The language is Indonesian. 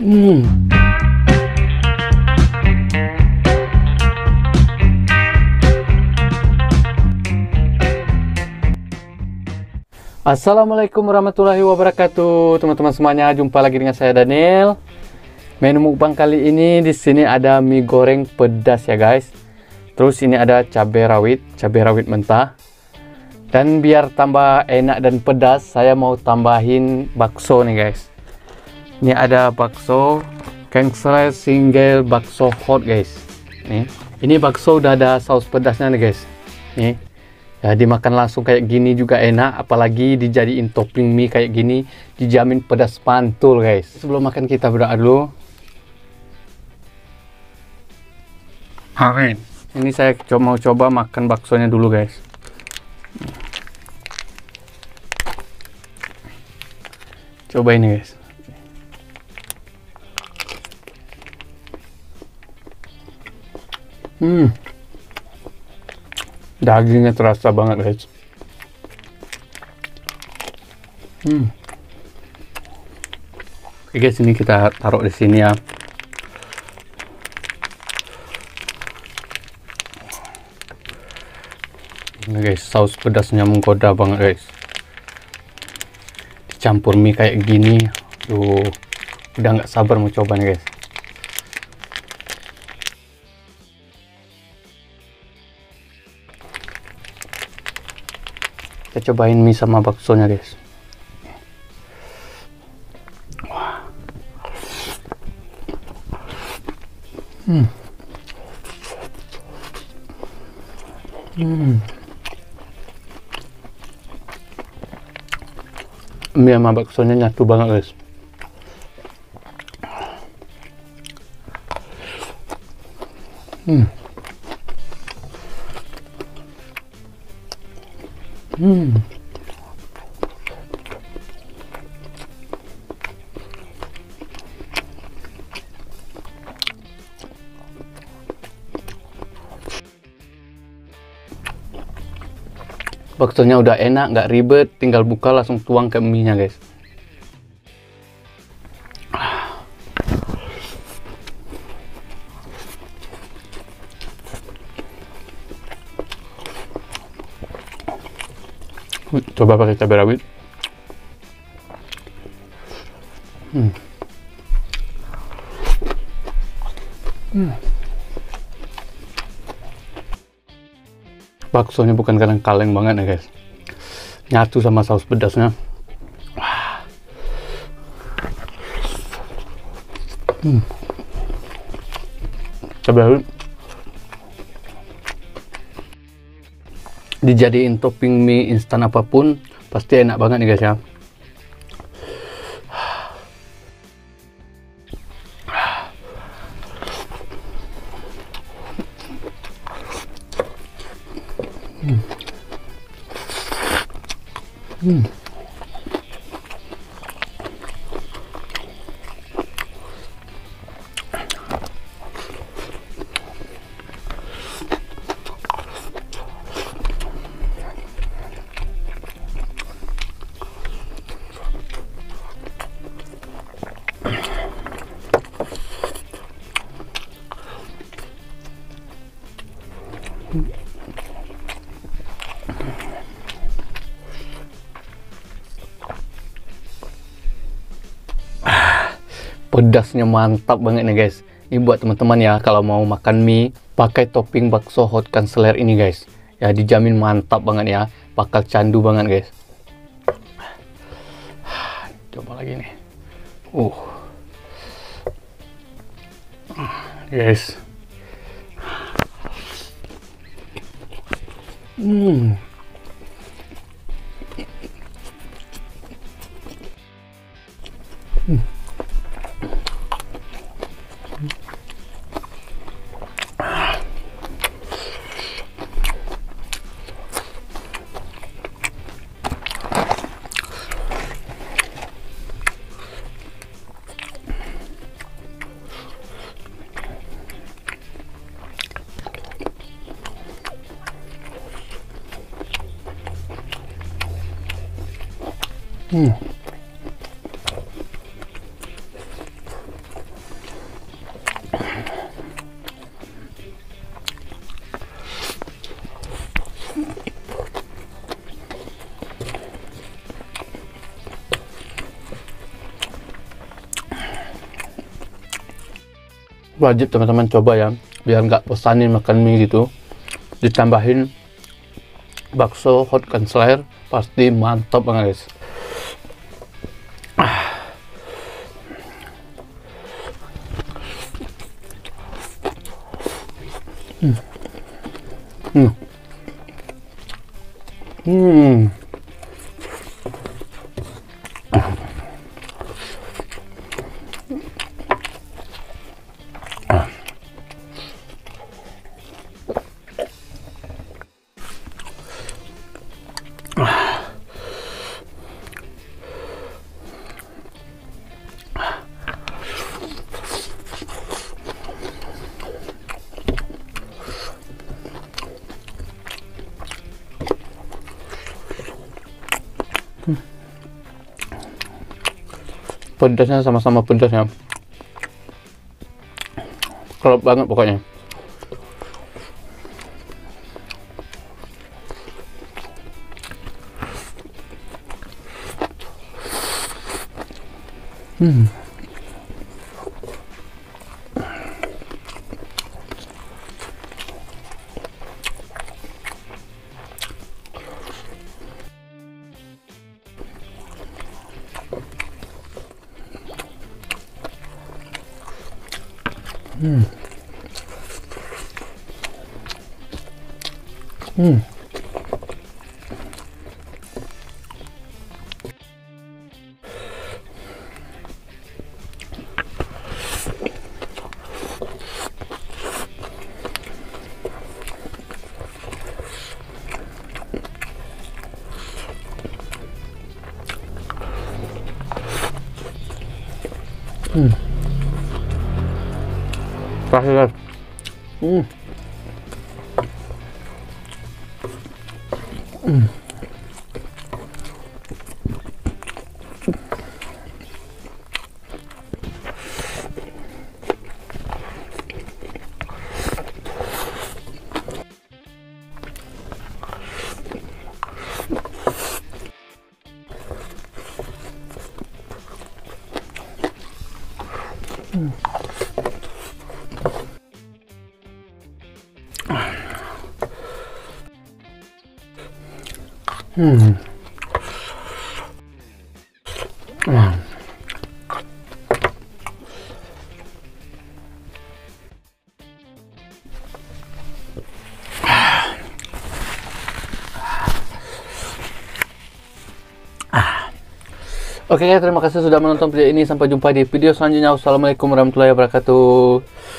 Hmm. Assalamualaikum warahmatullahi wabarakatuh, teman-teman semuanya. Jumpa lagi dengan saya Daniel. Menu mukbang kali ini di sini ada mie goreng pedas ya guys. Terus ini ada cabai rawit, cabai rawit mentah. Dan biar tambah enak dan pedas, saya mau tambahin bakso nih guys ini ada bakso Kengserai single bakso hot guys nih ini bakso udah ada saus pedasnya nih guys nih ya dimakan langsung kayak gini juga enak apalagi dijadiin topping mie kayak gini dijamin pedas pantul guys sebelum makan kita berdoa dulu Amin ini saya coba, mau coba makan baksonya dulu guys coba ini guys Hmm. Dagingnya terasa banget, guys. Hmm. Oke guys, ini kita taruh di sini ya. Ini guys, saus pedasnya menggoda banget, guys. Dicampur mie kayak gini. Tuh, udah nggak sabar mau coba nih, guys. kita cobain mie sama baksonya guys Wah. hmm hmm mie sama baksonya nyatu banget guys hmm Hmm. Baksonya udah enak, nggak ribet, tinggal buka langsung tuang ke mie-nya guys. coba pakai cabai rawit hmm. hmm. baksonya bukan kadang kaleng banget ya guys nyatu sama saus pedasnya hmm. cabai rawit dijadiin topping mie instan apapun pasti enak banget nih guys ya Hmm. hmm. Ah, pedasnya mantap banget nih guys. Ini buat teman-teman ya kalau mau makan mie pakai topping bakso hot kanseler ini guys. Ya dijamin mantap banget ya. Bakal candu banget guys. Ah, coba lagi nih. Uh. Ah, guys. 嗯。Hmm. wajib teman-teman coba ya biar nggak pesanin makan mie gitu ditambahin bakso hot slayer pasti mantap banget guys うんうん pedasnya sama-sama pedas ya kelop banget pokoknya hmm うん。うん。Kasih guys. Hmm. Hmm. Hmm. Oke, okay, terima kasih sudah menonton video ini. Sampai jumpa di video selanjutnya. Wassalamualaikum warahmatullahi wabarakatuh.